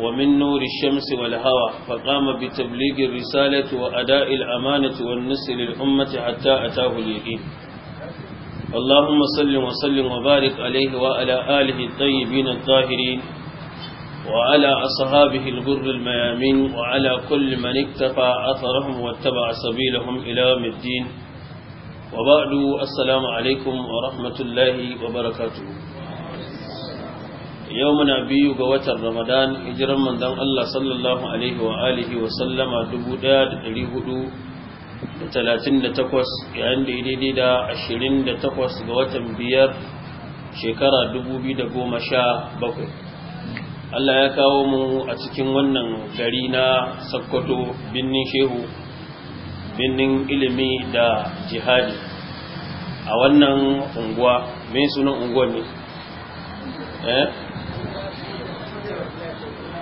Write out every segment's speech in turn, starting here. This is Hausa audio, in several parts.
ومن نور الشمس والهوى فقام بتبليغ الرسالة وأداء الأمانة والنصر للأمة حتى أتاه اليقين اللهم صل وسلم وبارك عليه وعلى آله الطيبين الطاهرين وعلى أصحابه الغر الميامين وعلى كل من اكتفى أثرهم واتبع سبيلهم إلى الدين وبعد السلام عليكم ورحمة الله وبركاته yau muna biyu ga watan ramadan hijiran manzon Allah sallallahu alaihi wa alihi wa sallama 1438 yayin da daidai da 28 ga watan biyar shekara 2017 Allah ya kawo mu a cikin wannan gari na Sokoto binnin shehu binnin ilimi da jihadi a wannan unguwa mai sunan unguwa ne eh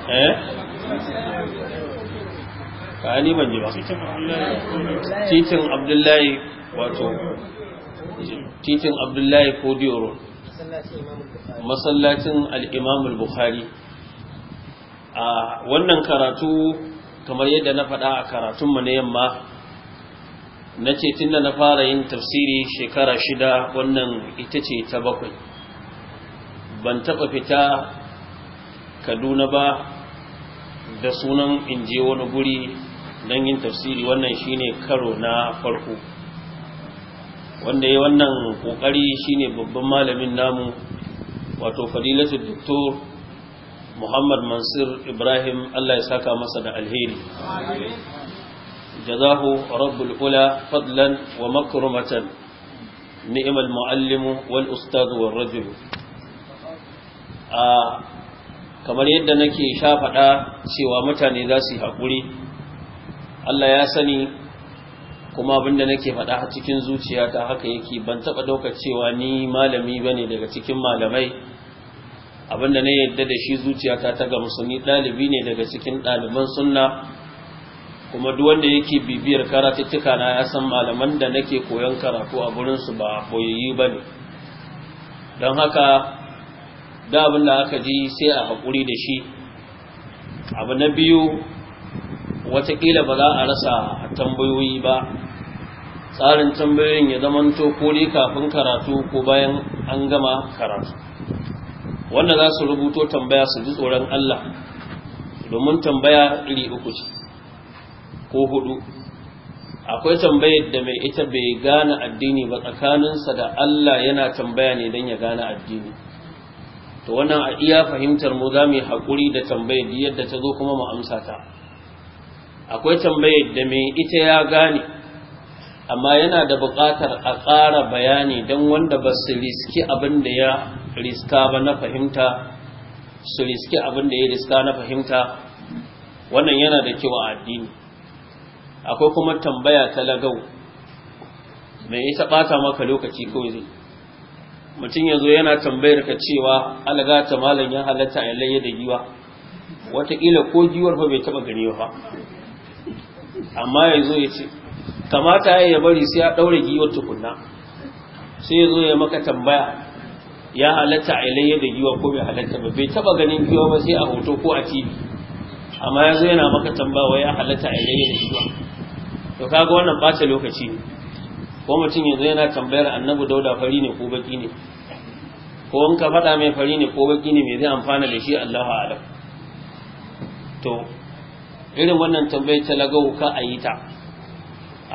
Eh? titin abdullahi wato titin abdullahi ko diyoro masallacin al-imam bukhari a wannan karatu kamar yadda na faɗa a karatunmu na yamma nace tunda na fara yin tafsiri shekara shida wannan ita ce ta bakwai ban taɓa fita kaduna ba da sunan in je wani guri don yin tafsiri wannan shine karo na farko wanda ya wannan kokari shine babban malamin namu wato fadilatu doktor muhammad mansur ibrahim allah ya saka masa da alheri jazahu rabbul ula fadlan wa makrumatan ni'mal muallimu wal ustadu war rajul a ah, kamar yadda nake sha faɗa cewa mutane za su yi haƙuri Allah ya sani kuma abinda nake faɗa a cikin zuciya ta haka yake ban taɓa ɗaukar cewa ni malami ba ne daga cikin malamai abinda na yadda da shi zuciya ta ga musulmi ɗalibi ne daga cikin ɗaliban sunna kuma duk wanda yake bibiyar karatuttuka na ya san malaman da nake koyon karatu a su ba koyayyu ba ne don haka da abin da aka ji sai a haƙuri da shi abu na biyu watakila ba za a rasa tambayoyi ba tsarin tambayoyin ya zamanto ko dai kafin karatu ko bayan an gama karatu wanda za su rubuto tambaya su ji tsoron Allah domin tambaya iri uku ce ko hudu akwai tambayar da mai ita bai gane addini ba tsakaninsa da Allah yana tambaya ne don ya gane addini to wannan a iya fahimtar mu za mu yi haƙuri da tambayar da yadda ta zo kuma mu amsa ta akwai tambayar da mai ita ya gane amma yana da buƙatar a ƙara bayani don wanda ba su riski abin da ya riska ba na fahimta su riski abin da ya riska na fahimta wannan yana da kyau a addini akwai kuma tambaya talagau mai ita ɓata maka lokaci kawai zai mutum ya zo yana tambayar ka cewa alaga ta malam ya halatta a layya da giwa wataƙila ko giwar fa bai taɓa gani ba amma ya zo ya ce kamata ya bari sai ya ɗaure giwar tukunna sai ya zo ya maka tambaya ya halatta a layya da giwa ko bai halatta ba bai taɓa ganin giwa ba sai a hoto ko a tv amma ya zo yana maka tambaya ya halatta a layya da giwa to kaga wannan ɓata lokaci ne ko mutum yanzu yana tambayar annabi dauda fari ne ko baki ne ko in ka faɗa mai fari ne ko baki ne me zai amfana da shi Allahu a'lam to irin wannan tambayar ta lagau ka a yi ta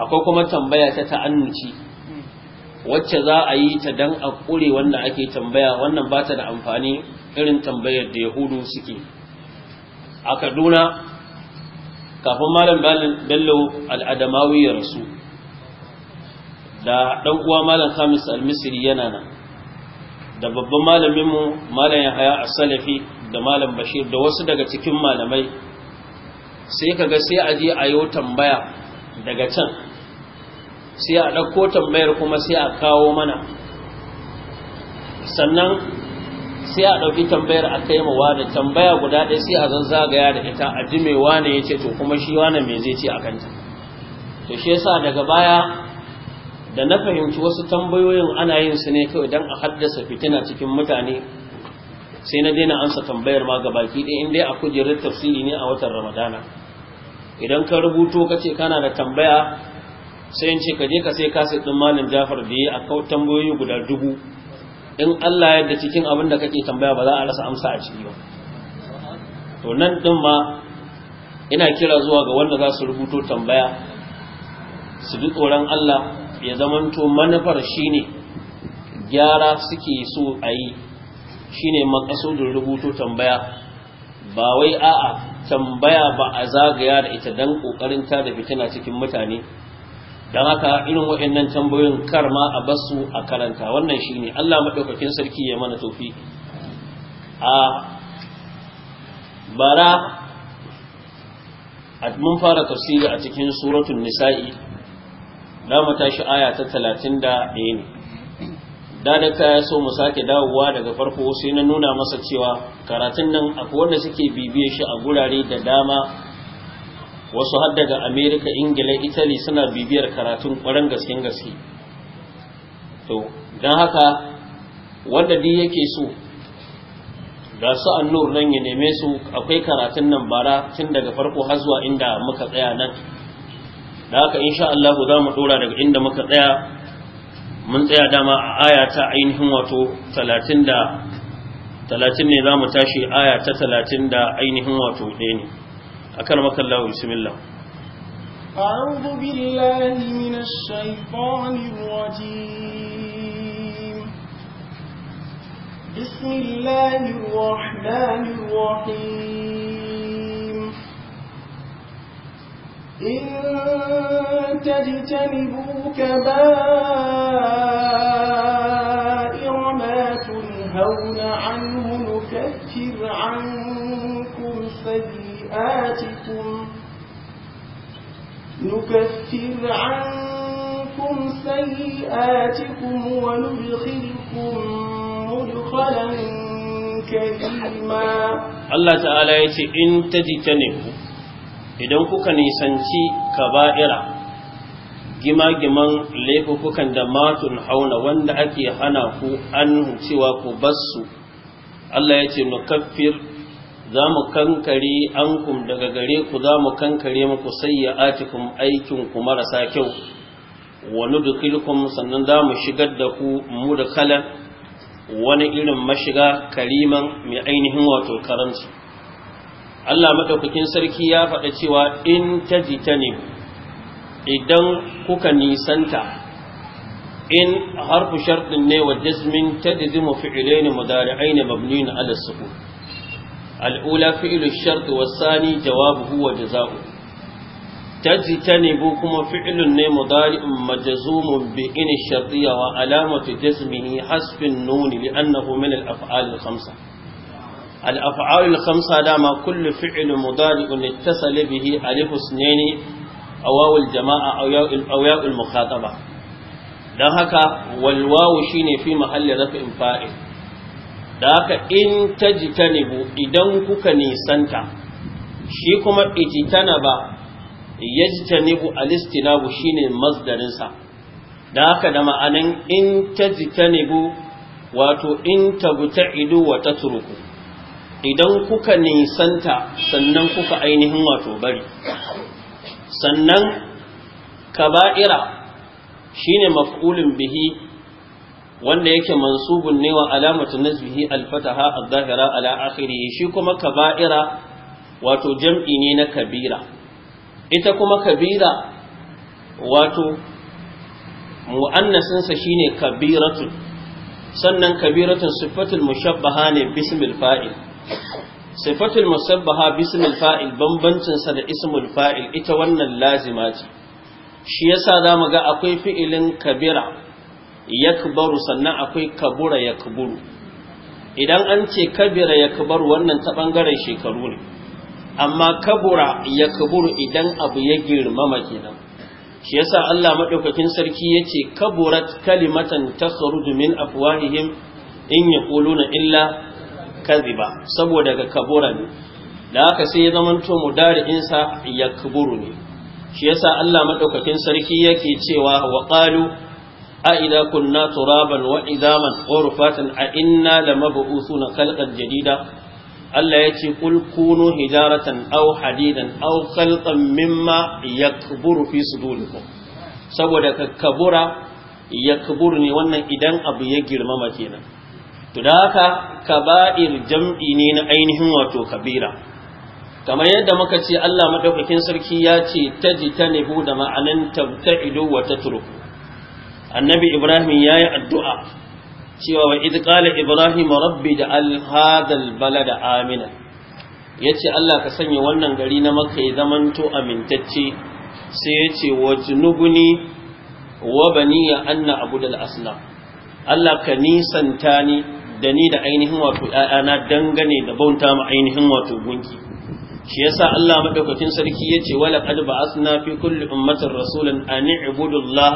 akwai kuma tambaya ta ta'annuci wacce za a yi ta don a ƙure wanda ake tambaya wannan ba ta da amfani irin tambayar da yahudu suke a kaduna kafin malam bello al'adamawi ya rasu da ɗan uwa malam Khamis al-Misri yana nan da babban malamin mu malam Yahaya as-Salafi da malam Bashir da wasu daga cikin malamai sai kaga sai a je a yi tambaya daga can sai a dauko tambayar kuma sai a kawo mana sannan sai a ɗauki tambayar a kai mawa da tambaya guda ɗaya sai a zagaya da ita a ji mai wane ya ce to kuma shi wane mai zai ce a kanta to shi yasa daga baya da na fahimci wasu tambayoyin ana yin su ne kawai don a haddasa fitina cikin mutane sai na daina ansa tambayar ma ga baki ɗaya in dai a kujerar tafsiri ne a watan ramadana idan ka rubuto ka ce kana da tambaya sai in ce ka je ka sai kasa ɗin malam jafar da ya a tambayoyi guda dubu in allah yadda cikin abin da kake tambaya ba za a rasa amsa a ciki ba to nan ɗin ma ina kira zuwa ga wanda za su rubuto tambaya su bi tsoron allah ya zamanto manufar shine gyara suke so a yi shine makasudin rubuto tambaya ba wai a'a tambaya ba a zagaya da ita don ƙoƙarin ta da fitina cikin mutane don haka irin waɗannan tambayoyin ma a basu a karanta wannan shine Allah maɗaukakin sarki ya mana tofi a bara mun fara tafsiri a cikin suratun nisa'i da mu tashi aya ta ɗaya ne da da ka so mu sake dawowa daga farko sai na nuna masa cewa karatun nan akwai wanda suke bibiye shi a gurare da dama wasu har daga America Ingila Italy suna bibiyar karatun ƙwarar gaskin gaske to don haka wanda duk yake so ga su annur nan ya neme su akwai karatun nan bara tun daga farko har zuwa inda muka tsaya nan da haka insha Allah za mu dora daga inda muka tsaya mun tsaya dama a aya ta ainihin wato 30 da 30 ne za mu tashi aya ta 30 da ainihin wato ɗaya ne a kan makalla wa bismillah أعوذ بالله من الشيطان الرجيم بسم الله الرحمن الرحيم إن تجتنبوا كبائر ما تنهون عنه نكفر عنكم سيئاتكم نكفر عنكم سيئاتكم وندخلكم مدخلا كريما الله تعالى يتي إن تجتنبوا idan kuka nisanci kaba'ira gima-giman laifukan da matun hauna wanda ake hana ku an cewa ku basu, Allah ya ce nukaffir za mu kankare kum daga gare ku za mu kankare muku sayyatikum aikin ku marasa kyau wa nudkhilukum sannan za mu shigar da ku mu da kalan wani irin mashiga kariman mai ainihin wato karanci Allah maɗaukakin sarki ya faɗa cewa in ne idan kuka nisanta in harfu sharɗin ne wa jazmin tajzimu fi'laini mudari'aini mabniyin ala sukun al-ula fi'lu shart wa thani jawabuhu wa jazaohu تجتنبوا كما فعل مضارع مجزوم بإن الشرطية وعلامة جزمه حسب min لأنه من الأفعال الخمسة الأفعال الخمسة داما كل فعل مضارع اتصل به ألف سنين أواو الجماعة أو ياء المخاطبة don haka walwawu shine fi mahalli rafin fa'il da haka in ta jitanibu idan kuka nisanta shi kuma ba, ya jitanibu alistinabu shine masdarinsa da haka da ma'anin in ta jitanibu wato in ta ido wa ta turuku idan kuka nisanta sannan kuka ainihin wato bari sannan kaba'ira shine maf'ulun bihi wanda yake mansubun ne wa alamatu nazbihi alfataha az-zahira ala akhirih shi kuma kaba'ira wato jam'i ne na kabira ita kuma kabira wato mu'annasin sa shine Kabiratun, sannan kabiratun sifatul mushabbaha ne bismil fa'il sifatul musabbaha bismil fa'il bambancin sa da ismul fa'il ita wannan lazima ce shi yasa zamu ga akwai fi'ilin kabira yakbaru sannan akwai kabura yakburu idan an ce kabira yakbaru wannan ta bangaren shekaru ne amma kabura yakburu idan abu ya girmama kenan shi yasa Allah madaukakin sarki yace kaburat kalimatan tasrudu min afwahihim in yaquluna illa Kaziba, saboda ga da aka sai ya zamanto mudari'in sa yakburu ne shi yasa Allah madaukakin sarki yake cewa wa qalu a idza kunna turaban wa idaman ghurfatan a inna lamab'uthuna khalqan jadida Allah ya ce kul kunu hijaratan aw hadidan aw khalqan mimma yakburu fi sudurikum saboda kakkabura yakbur ne wannan idan abu ya girmama kenan to haka kaba'ir jam'i ne na ainihin wato kabira kamar yadda muka ce Allah madaukakin sarki ya ce ta tajtanibu da ma'anan tabta'idu wa tatruku annabi ibrahim yayi addu'a cewa wa idh qala ibrahim rabbi ja'al hadha balada amina yace Allah ka sanya wannan gari na makka ya zamanto amintacce sai yace wajnubni wa baniya anna abudal asnam Allah ka nisanta ni da ni da ainihin wato ‘ya'yana dangane da bauta ma ainihin wato gunki shi yasa Allah maɗaukacin sarki ya ce wala 'as na fi kulli ummatin rasulan an i'budu Allah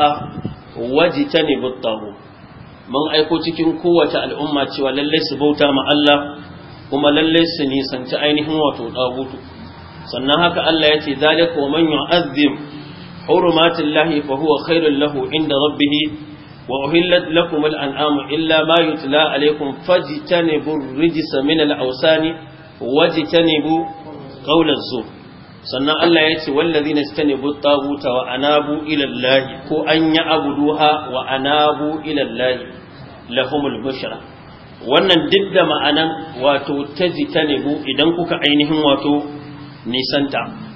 wajtanibu at-taghut mun aiko cikin kowace al'umma cewa lallai su bauta ma Allah kuma lallai su nisanci ainihin wato dagutu sannan haka Allah ya ce zalika wa man yu'azzim hurumatillahi fa huwa khairul lahu inda rabbih وأهلت لكم الأنعام إلا ما يتلى عليكم فاجتنبوا الرجس من الأوسان واجتنبوا قول الزور sannan Allah ya ce wallazi na stane buttaguta wa anabu ilallahi ko an yi abuduha wa anabu ilallahi lahumul bushra wannan duk da ma'anan wato tajitanebu idan kuka ainihin wato nisanta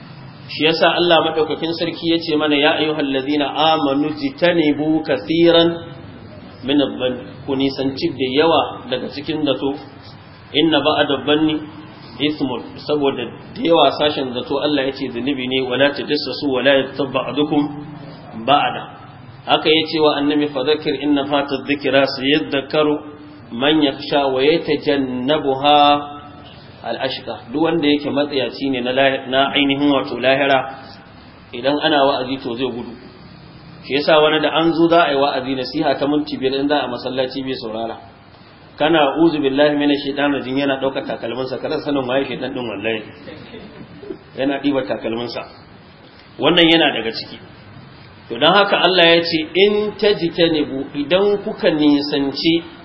shi yasa Allah madaukakin sarki yace mana ya ayyuhal ladina amanu jitanibu kaseeran min adh ku nisanci da yawa daga cikin zato inna ba'da dhanni ismun saboda da yawa sashen zato Allah yace zunubi ne wala tajassasu wala yatabba'dukum ba'da haka yace wa annabi fadhakir inna fata dhikra sayadhakkaru man yakhsha wa yatajannabuha al'ashika duk wanda yake matsayaci ne na ainihin wato lahira idan ana wa'azi to zai gudu shi yasa wani da an zo za a yi wa'azi nasiha ta minti biyar inda a masallaci bai saurara kana uzu billahi mina shaitan rajin yana ɗaukar takalminsa kada sanin waye shaitan ɗin wallahi yana ɗibar takalminsa wannan yana daga ciki to don haka Allah ya ce in ta ne idan kuka nisanci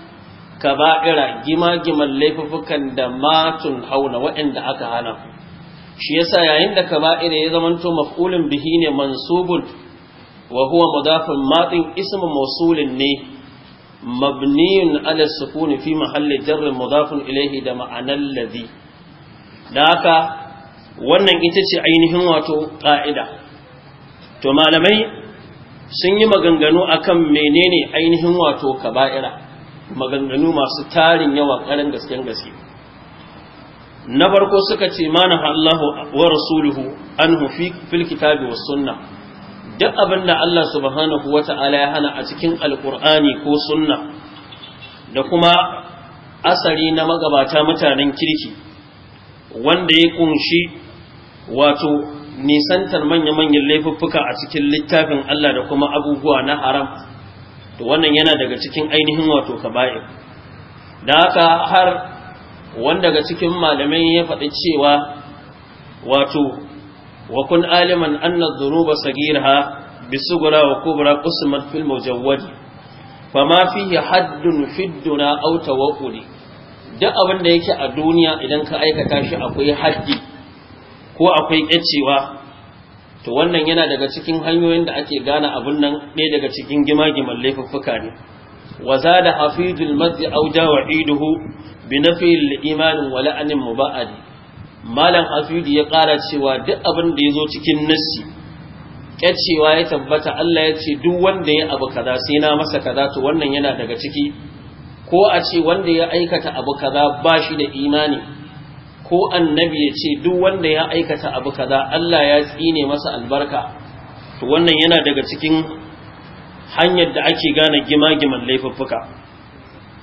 kaba'ira gima-giman laifukan da matun hauna waɗanda aka hana shi yasa yayin da kaba'ira ya zamanto maf'ulin bihi ne mansubun wa huwa mudafin matin ismu mausulin ne mabniyun ala sukuni fi mahalli jarrin mudafin ilaihi da ma'anar ladhi da haka wannan ita ce ainihin wato ƙa'ida to malamai sun yi maganganu akan menene ainihin wato kaba'ira maganganu masu tarin yawa karin gasken gaske na farko suka ce mana Allahu wa rasuluhu an hufi fil kitabi wa sunna duk abin da Allah subhanahu wa Ta'ala ya hana a cikin alkur'ani ko sunna da kuma asari na magabata mutanen kirki wanda ya kunshi wato nisantar manya-manyan laifuffuka a cikin littafin Allah da kuma abubuwa na haram to wannan yana daga cikin ainihin wato kaba'ir da haka har wanda daga cikin malamai ya faɗi cewa wato wa kun aliman anna dhuruba sagirha bisugura wa kubra qismat fil mujawwad ma fihi haddun fidduna aw tawakkuli duk abinda da yake a duniya idan ka aikata shi akwai haddi ko akwai kyacewa to wannan yana daga cikin hanyoyin da ake gane abun nan ɗaya daga cikin gima-giman laifuffuka ne wa zada hafizul madzi auja wa iduhu bi nafil imanin wa la'anin muba'adi malam hafidi ya ƙara cewa duk abin da ya zo cikin nassi kyacewa ya tabbata Allah ya ce duk wanda ya abu kaza sai na masa kaza to wannan yana daga ciki ko a ce wanda ya aikata abu kaza ba shi da imani ko annabi ya ce duk wanda ya aikata abu kaza Allah ya tsine masa albarka to wannan yana daga cikin hanyar da ake gane gimagiman laifuffuka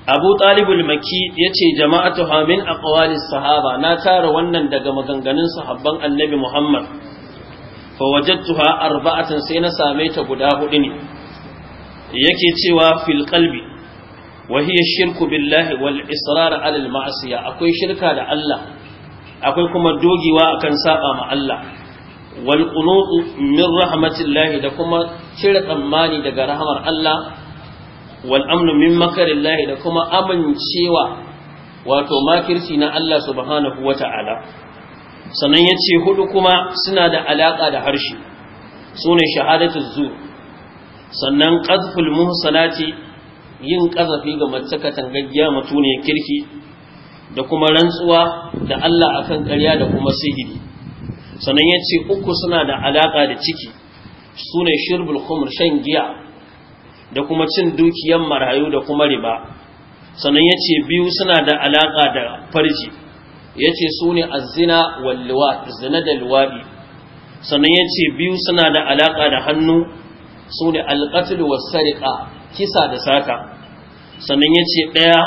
Abu Talib al-Makki yace jama'atu hamin aqwalis sahaba na tara wannan daga maganganun sahabban annabi Muhammad fa wajadtuha arba'atan sai na same ta guda hudu ne yake cewa fil qalbi wa hiya shirku billahi wal israr ala al ma'siya akwai shirka da Allah akwai kuma dogewa akan saba ma Allah wal qunutu min rahmatillah da kuma cire tsammani daga rahmar Allah wal amnu min makarillah da kuma amincewa wato makirci na Allah subhanahu wata'ala sannan yace hudu kuma suna da alaka da harshe sune shahadatu zu sannan qazful muhsanati yin kazafi ga mace katangaggiya mutune kirki da kuma rantsuwa da Allah a kan ƙarya da kuma sihiri sannan ya ce uku suna da alaƙa da ciki su ne shirbul khumr shan giya da kuma cin dukiyan marayu da kuma riba sannan ya ce biyu suna da alaƙa da farji ya ce su ne azina walluwa zina da luwaɗi sannan ya ce biyu suna da alaƙa da hannu su ne alƙatul wasariƙa kisa da sata sannan ya ce ɗaya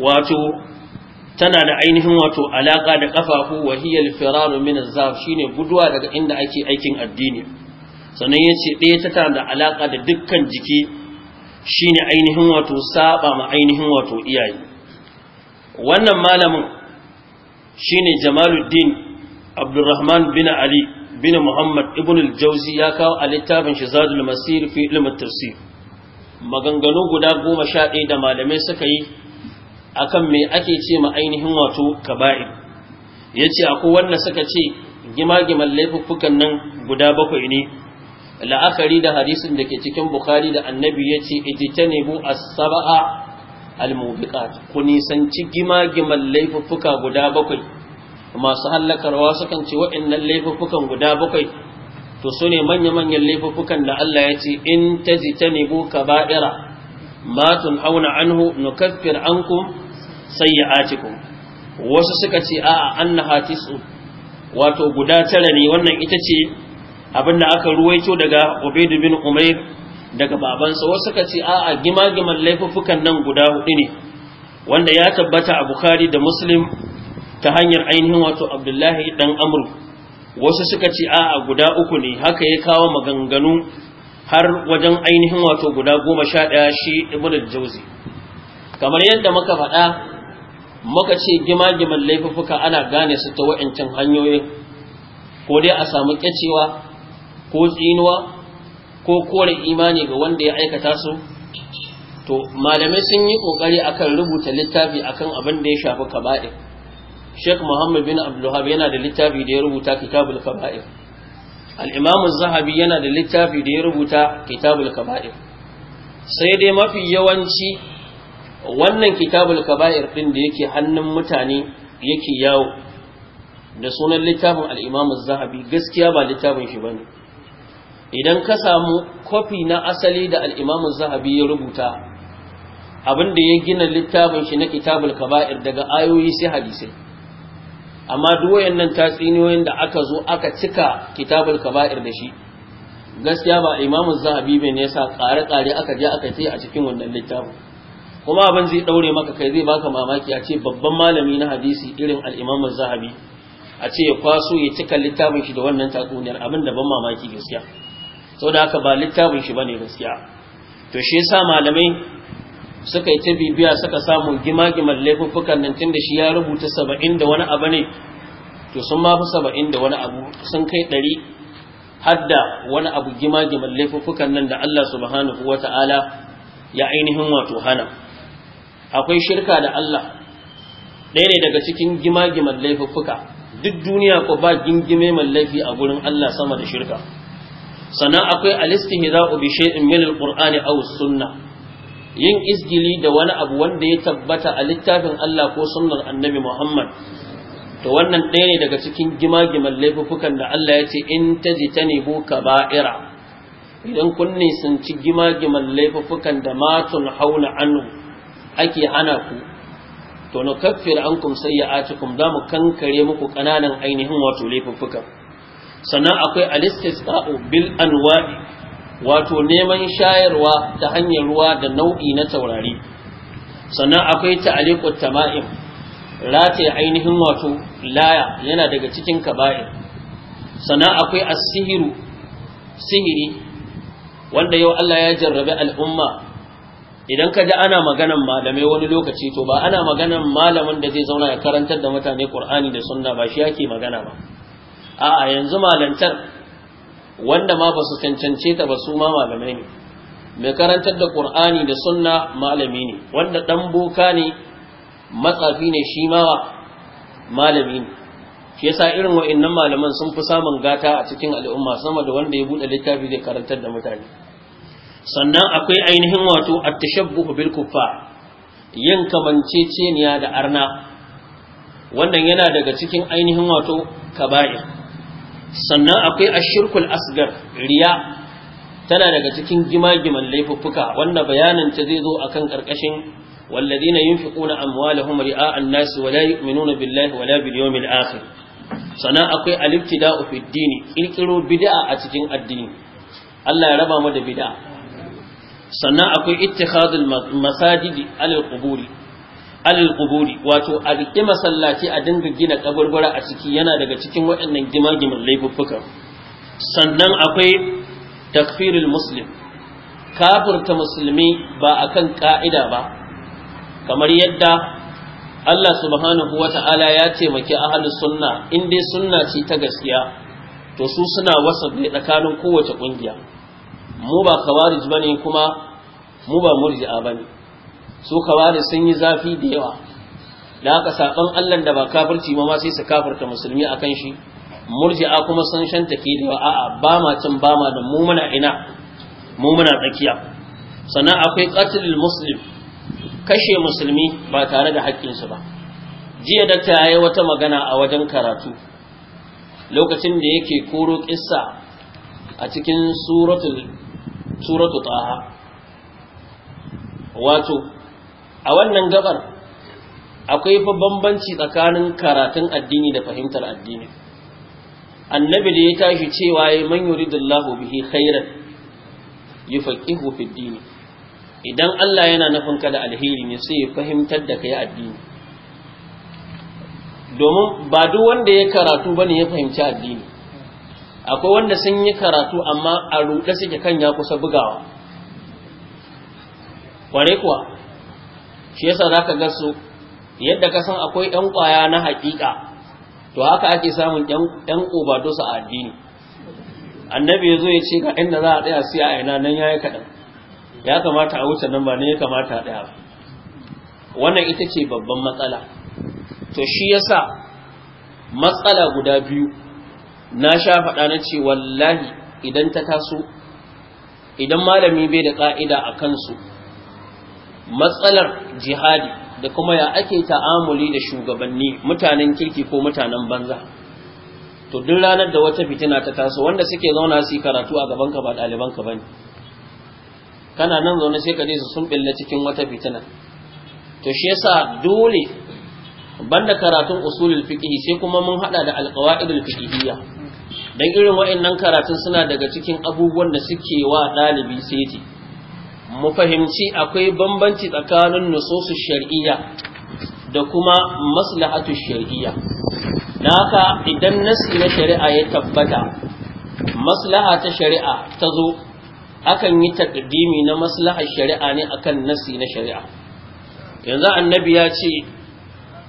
wato tana da ainihin wato alaka da kafafu wa hiya al-firaru min az-zaf shine guduwa daga inda ake aikin addini sannan yace ɗaya ta tana da alaka da dukkan jiki shine ainihin wato saba ma ainihin wato iyaye wannan malamin shine Jamaluddin Abdurrahman bin Ali bin Muhammad ibn al-Jauzi ya kawo a littafin Shazadul Masir fi ilm at-tafsir maganganu guda 11 da malamai suka yi akan me ake ce ma ainihin wato kaba'ir yace akwai wanda suka ce gima-giman laifuffukan nan guda bakwai ne la'akari da hadisin da ke cikin bukhari da annabi yace ta as-sab'a al-mubiqat ku nisanci gima-giman laifuffuka guda bakwai masu hallakarwa sukan ce waɗannan laifukan guda bakwai to su ne manya-manyan laifuffukan da Allah ya ce in tajtanibu kaba'ira ma auna anhu nukaffir ankum sayyi'atikum wasu suka ce a'a annaha tis'u wato guda tara ne wannan ita ce abin da aka ruwaito daga Ubayd bin Umayr daga babansa wasu suka ce a'a gimagiman laifuffukan nan guda hudu ne wanda ya tabbata a Bukhari da Muslim ta hanyar ainihin wato Abdullahi dan Amr wasu suka ce a'a guda uku ne haka ya kawo maganganu har wajen ainihin wato guda goma sha ɗaya shi ibn jauzi kamar yadda muka faɗa muka ce gima-giman laifuffuka ana gane su ta wa'incin hanyoyi. ko dai a samu kyacewa ko tsinuwa ko kore imani ga wanda ya aikata su to malamai sun yi kokari akan rubuta littafi akan abin da ya shafi kaba'ir Sheikh Muhammad bin Abdulwahab yana da littafi da ya rubuta Kitabul kaba'i Al-Imam Az-Zahabi yana da littafi da ya rubuta Kitabul kaba'i sai dai mafi yawanci wannan kitabul kaba'ir din da yake hannun mutane yake yawo da sunan littafin al-Imam zahabi gaskiya ba littafin shi bane idan ka samu kofi na asali da al-Imam zahabi ya rubuta abin da ya gina littafin shi na kitabul kaba'ir daga ayoyi sai hadisi, amma duk wayannan tatsiniyoyin da aka zo aka cika kitabul kaba'ir da shi gaskiya ba imamu zahabi bane yasa ƙare-ƙare aka je aka ce a cikin wannan littafin kuma abin zai daure maka kai zai baka mamaki a ce babban malami na hadisi irin al-Imam zahabi a ce ya kwaso ya cika littafin shi da wannan tatsuniyar abin da ban mamaki gaskiya Sau da haka ba littafin shi bane gaskiya to shi yasa malamai suka yi ta bibiya suka samu gima-giman laifuffukan nan tun da shi ya rubuta saba'in da wani abu ne to sun ma fi saba'in da wani abu sun kai ɗari hadda wani abu gima-giman laifuffukan nan da Allah subhanahu wa ta'ala ya ainihin wato hana akwai shirka da Allah ɗaya ne daga cikin gima-giman laifuffuka duk duniya ko ba gingime mai laifi a gurin Allah sama da shirka sannan akwai za'u bi in min alqur'ani aw sunna yin isgili da wani abu wanda ya tabbata a littafin Allah ko sunnar annabi Muhammad to wannan ɗaya ne daga cikin gima-giman laifukan da Allah ya ce in bu kaba'ira idan kun nisanci gima-giman laifukan da matun hauna anhu ake hana ku to na kafir an kum sayyi'atikum za mu kankare muku ƙananan ainihin wato laifuffuka sannan akwai alistisqa'u bil anwa'i wato neman shayarwa ta hanyar ruwa da nau'i na taurari sannan akwai ta'aliku tama'im rataye ainihin wato laya yana daga cikin kaba'ir sannan akwai as-sihiru sihiri wanda yau Allah ya jarrabe al'umma idan ka ji ana maganan malamai wani lokaci to ba ana maganan malamin da zai zauna ya karantar da mutane Qur'ani da Sunna ba shi yake magana ba a'a yanzu malantar wanda ma ba su cancance ta ba su ma malamai ne mai karantar da Qur'ani da Sunna malami ne wanda dan boka ne matsafi ne shi ma malami ne shi yasa irin wa'annan malaman sun fi samun gata a cikin al'umma sama da wanda ya bude littafi zai karantar da mutane sannan akwai ainihin wato a tashabbuh bil kuffa yin kamanceceniya da arna wannan yana daga cikin ainihin wato kaba'ir sannan akwai a shirkul asgar riya tana daga cikin gimagiman laifuffuka wanda bayanin ta zai zo akan karkashin walladina yunfiquna amwalahum ri'a an-nas wa la yu'minuna billahi wa la bil yawmil akhir sannan akwai aliftida'u fid dini kirkiro bid'a a cikin addini Allah ya raba mu da bid'a sannan akwai ittikhadul masajidi alal quburi alal quburi wato a rike masallaci a dinga gina kaburbura a ciki yana daga cikin waɗannan gimagimin laifuffukan sannan akwai takfirul muslim kafirta musulmi ba akan ka'ida ba kamar yadda Allah subhanahu wa ta'ala ya taimaki ahli sunna in dai sunna ce ta gaskiya to su suna wasa tsakanin kowace ƙungiya mu ba kawarij bane kuma mu ba murji'a bane su kawari sun yi zafi da yawa da haka sabon Allah da ba kafirci ba ma sai su kafirta musulmi akan shi murji'a kuma sun shanta ke da a'a ba ma cin ba ma da mu muna ina mu muna tsakiya sannan akwai qatlul muslim kashe musulmi ba tare da haƙƙinsu ba jiya dakta yi wata magana a wajen karatu lokacin da yake koro kissa a cikin suratul suratu taha wato a wannan gabar akwai fa bambanci tsakanin karatun addini da fahimtar addini annabi da ya tashi cewa ya man yuridullahu bihi khairan yufaqihu fi dini idan Allah yana nufin ka da alheri ne sai ya fahimtar da kai addini domin ba duk wanda ya karatu bane ya fahimci addini akwai wanda sun yi karatu amma a ruɗe suke kan ya kusa bugawa kware kuwa shi yasa za ka gasu yadda ka san akwai 'yan kwaya na haƙiƙa to haka ake samun 'yan su a addini annabi ya zo ya ce ga inda za a tsaya sai a ina nan ya yi kaɗan ya kamata a wuce nan ba ne ya kamata a ɗaya ba wannan ita ce babban matsala to shi yasa matsala guda biyu na sha faɗa na ce wallahi idan ta taso idan malami bai da ƙa'ida a kansu matsalar jihadi da kuma ya ake ta'amuli da shugabanni mutanen kirki ko mutanen banza to duk ranar da wata fitina ta taso wanda suke zauna su yi karatu a gabanka ba ɗalibanka ba ne kana nan zaune sai ka je su sun ɓilla cikin wata fitina to shi yasa dole banda karatun usulul fiqh sai kuma mun hada da alqawaidul fiqhiyya dan irin wa'annan karatun suna daga cikin abubuwan da suke wa dalibi seti mu fahimci akwai bambanci tsakanin nususu shar'iyya da kuma maslahatu shar'iyya naka idan nasi na shari'a ya tabbata maslaha ta shari'a ta zo akan yi takdimi na maslahar shari'a ne akan nasi na shari'a yanzu annabi ya ce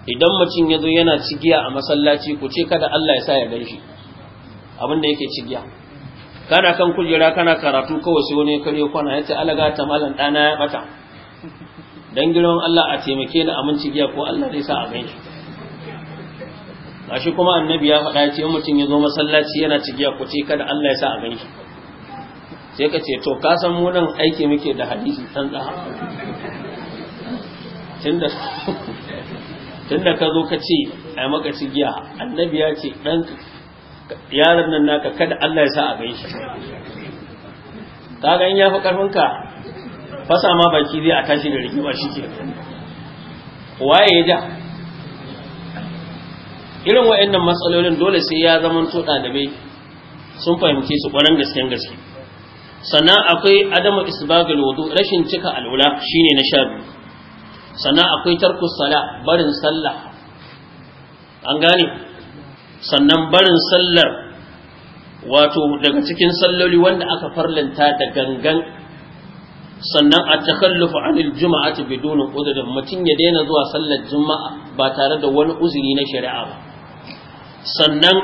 idan mutum ya zo yana cigiya a masallaci ku ce kada Allah ya sa ya ganshi abin da yake cigiya kana kan kujera kana karatu kawai sai wani ya karyo kwana ya ce alaga ta malam dana ya bata dan girman Allah a taimake ni mun cigiya ko Allah zai sa a ganshi gashi kuma annabi ya faɗa ya ce mutum ya zo masallaci yana cigiya ku ce kada Allah ya sa a ganshi sai ka ce to ka san mu nan aiki muke da hadisi dan tsaha tunda tunda ka zo ka ce a maka cigiya annabi ya ce ɗan yaron nan naka kada Allah ya sa a gaishe kaga in ya fi ka fasa ma baki zai a tashi da shi ke waye ya ja irin wayannan matsalolin dole sai ya zama to bai sun fahimci su kwaran gasken gaske sannan akwai adamu Isbagal, wudu rashin cika alwala shine na sha biyu sannan akwai tarkus sala barin sallah an gane sannan barin sallar wato daga cikin salloli wanda aka farlanta da gangan sannan a takallufu anil juma'ati bidun udhrin mutum ya daina zuwa sallar juma'a ba tare da wani uzuri na shari'a ba sannan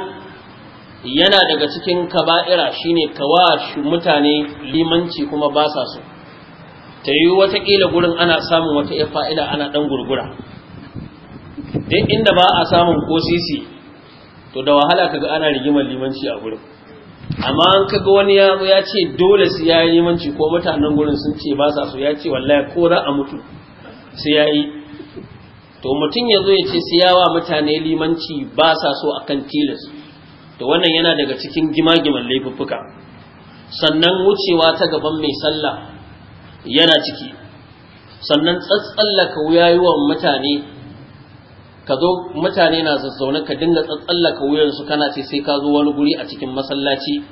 yana daga cikin kaba'ira shine kawa mutane limanci kuma ba sa so ta yi kila gurin ana samun wata ya fa'ila ana ɗan gurgura duk inda ba a samun ko sisi to da wahala kaga ana rigimar limanci a gurin amma an kaga wani ya ce dole su ya yi limanci ko mutanen gurin sun ce ba sa so ya ce wallahi ko za a mutu su ya yi to mutum ya zo ya ce su yawa mutane limanci ba sa so a kan tilas to wannan yana daga cikin gima-giman laifuffuka sannan wucewa ta gaban mai sallah yana ciki sannan tsatsallaka wuya mutane ka zo mutane na zazzauna ka dinga tsatsallaka su kana ce sai ka zo wani guri a cikin masallaci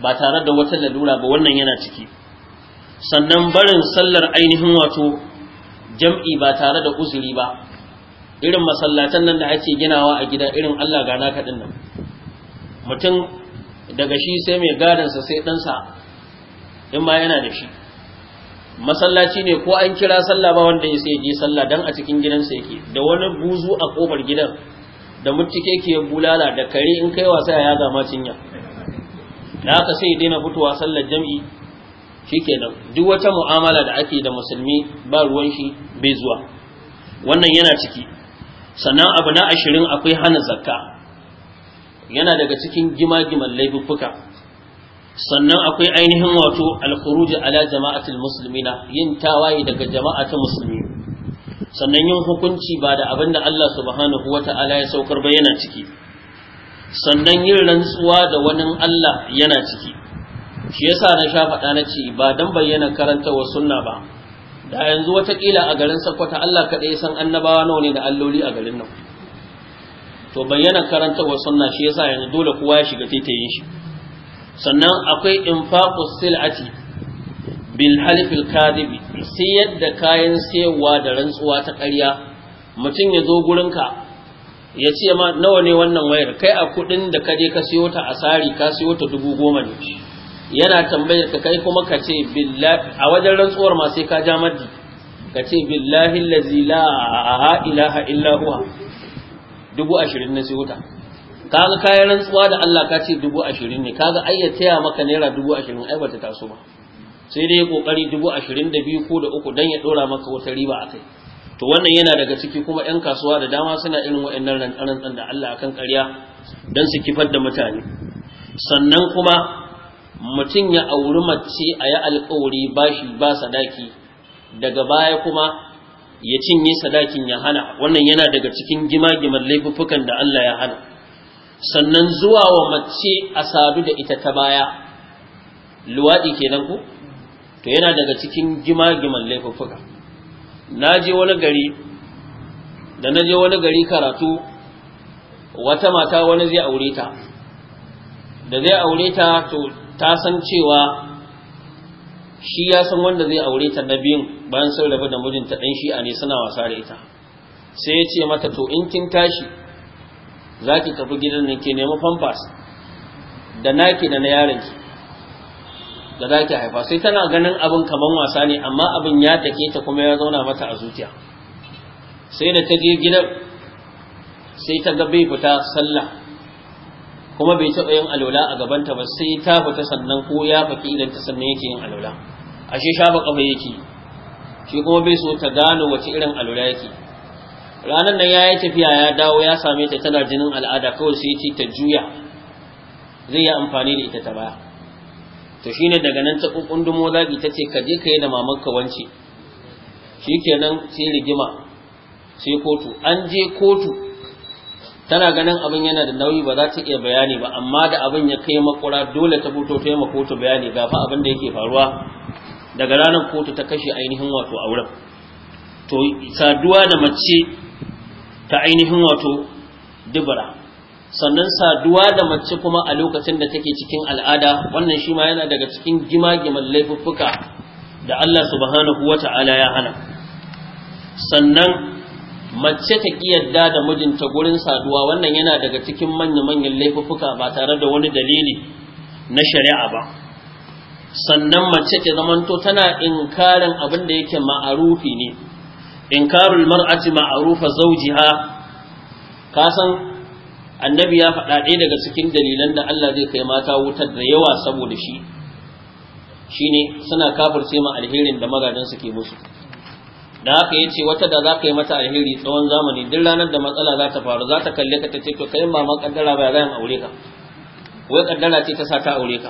ba tare da wata lalura ba wannan yana ciki sannan barin sallar ainihin wato jam'i ba tare da uzuri ba irin masallatan nan da ake ginawa a gida irin Allah gana ka nan mutum daga shi sai mai gadansa sai ɗansa in ma yana da shi masallaci ne ko an kira sallah ba wanda ya sai je sallah dan a cikin gidansa yake da wani buzu a kofar gidan da mutuke ke bulala da kare in kai wasa ya ga macinya da aka sai daina fitowa sallar jami'i shikenan duk wata mu'amala da ake da musulmi ba ruwan shi bai zuwa wannan yana ciki sannan abu na ashirin akwai hana zakka yana daga cikin gima-giman laifuffuka sannan akwai ainihin wato alkhuruj ala jama'atul muslimina yin tawaye daga jama'a ta musulmi sannan yin hukunci ba da abin da Allah subhanahu wata'ala ya saukar ba yana ciki sannan yin rantsuwa da wani Allah yana ciki shi yasa na sha faɗa na ce ba dan bayyana wa sunna ba da yanzu watakila a garin sakwata Allah kaɗai ya san annabawa nawa ne da alloli a garin nan to bayyana wa sunna shi yasa yanzu dole kowa ya shiga taitayin shi sannan akwai infaqus sil'ati bil halifil kadibi siyar da kayan siyarwa da rantsuwa ta ƙarya mutum ya zo gurinka ya ce ma nawa ne wannan wayar kai a kuɗin da ka je ka siyo ta a sari ka siyo ta dubu goma ne yana tambayar ka kai kuma ka ce a wajen rantsuwar ma sai ka ja maddi ka ce billahi allazi la ilaha illa huwa dubu ashirin na siyo ta kaga kayan rantsuwa da Allah ka ce dubu ashirin ne kaga ai ya taya maka naira dubu ashirin ai bata taso ba sai dai ya kokari dubu ashirin da biyu ko da uku dan ya dora maka wata riba a kai to wannan yana daga ciki kuma yan kasuwa da dama suna irin wa'annan rantsan da Allah akan ƙarya dan su kifar da mutane sannan kuma mutum ya auri mace a yi alkawari bashi ba sadaki daga baya kuma ya cinye sadakin ya hana wannan yana daga cikin gima-giman laifuffukan da Allah ya hana sannan zuwa wa mace a sadu da ita ta baya luwaɗi kenan ku to yana daga cikin gima-giman laifuffuka na je wani gari da na je wani gari karatu wata mata wani zai aure ta da zai aure ta to ta san cewa shi ya san wanda zai aure ta na biyun bayan sau da mijinta ɗan shi'a ne suna wasa da ita sai ya ce mata to in kin tashi za ki tafi gidan da ke nemi famfas da naki da na yaron ki da za ki haifa sai tana ganin abin kaman wasa ne amma abin ya take ta kuma ya zauna mata a zuciya sai da ta je gidan sai ta ga bai fita sallah kuma bai taɓa yin alola a gabanta ba sai ta fita sannan ko ya faki idan ta sannan yake yin alola ashe shafa kafa yake shi kuma bai so ta gano wace irin alola yake ranar nan ya yi tafiya ya dawo ya same ta tana jinin al'ada kawai sai ce ta juya zai yi amfani da ita ta baya to shine daga nan ta kukundumo zaki ta ce ka je ka yi da mamanka wance kenan sai rigima sai kotu an je kotu tana ganin abin yana da nauyi ba za ta iya bayani ba amma da abin ya kai makura dole ta fito ta yi ma kotu bayani ga fa abin da yake faruwa daga ranar kotu ta kashe ainihin wato auren to saduwa da mace ta ainihin wato dubura sannan saduwa da mace kuma a lokacin da take cikin al'ada wannan shi ma yana daga cikin gimagiman laifuffuka da Allah subhanahu wa ta'ala ya hana sannan mace ta yarda da mijinta gurin saduwa wannan yana daga cikin manya-manyan laifuffuka ba tare da wani dalili na shari'a ba sannan mace ta zamanto tana inkarin abin da yake ma'arufi ne inkarul mar'ati ma'rufa zawjiha ka san annabi ya faɗa ɗaya daga cikin dalilan da Allah zai kai mata wutar da yawa saboda shi shine suna kafirce ma alherin da magadan ke musu da haka ya ce wata da za ka yi mata alheri tsawon zamani duk ranar da matsala za ta faru za ta kalle ka ta ce to kai maman kaddara ba zan aure ka wai kaddara ce ta sa ta aure ka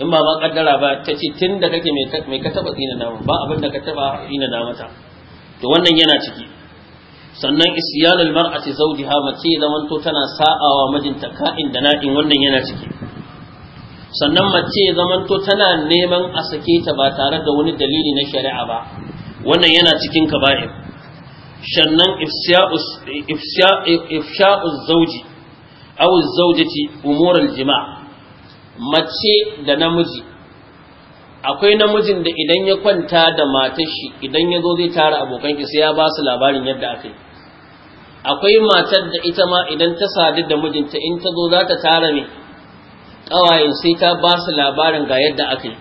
in maman kaddara ba ta ce tun da kake mai ka taba tsina nama ba abin da ka taba tsina na mata to wannan yana ciki sannan isyan almar'ati zawjiha mace zamanto tana sa'awa mijinta ka'in da na'in wannan yana ciki sannan mace zamanto tana neman a sake ta ba tare da wani dalili na shari'a ba wannan yana cikin kaba'ir sannan ifsha'u zawji aw zawjati umur aljima'a mace da namiji akwai namijin da idan ya kwanta da matar shi idan ya zo zai tara abokan ki sai ya ba su labarin yadda aka yi akwai matar da ita ma idan ta sadu da mijinta in ta zo za ta tara ne ƙawayen sai ta ba su labarin ga yadda aka yi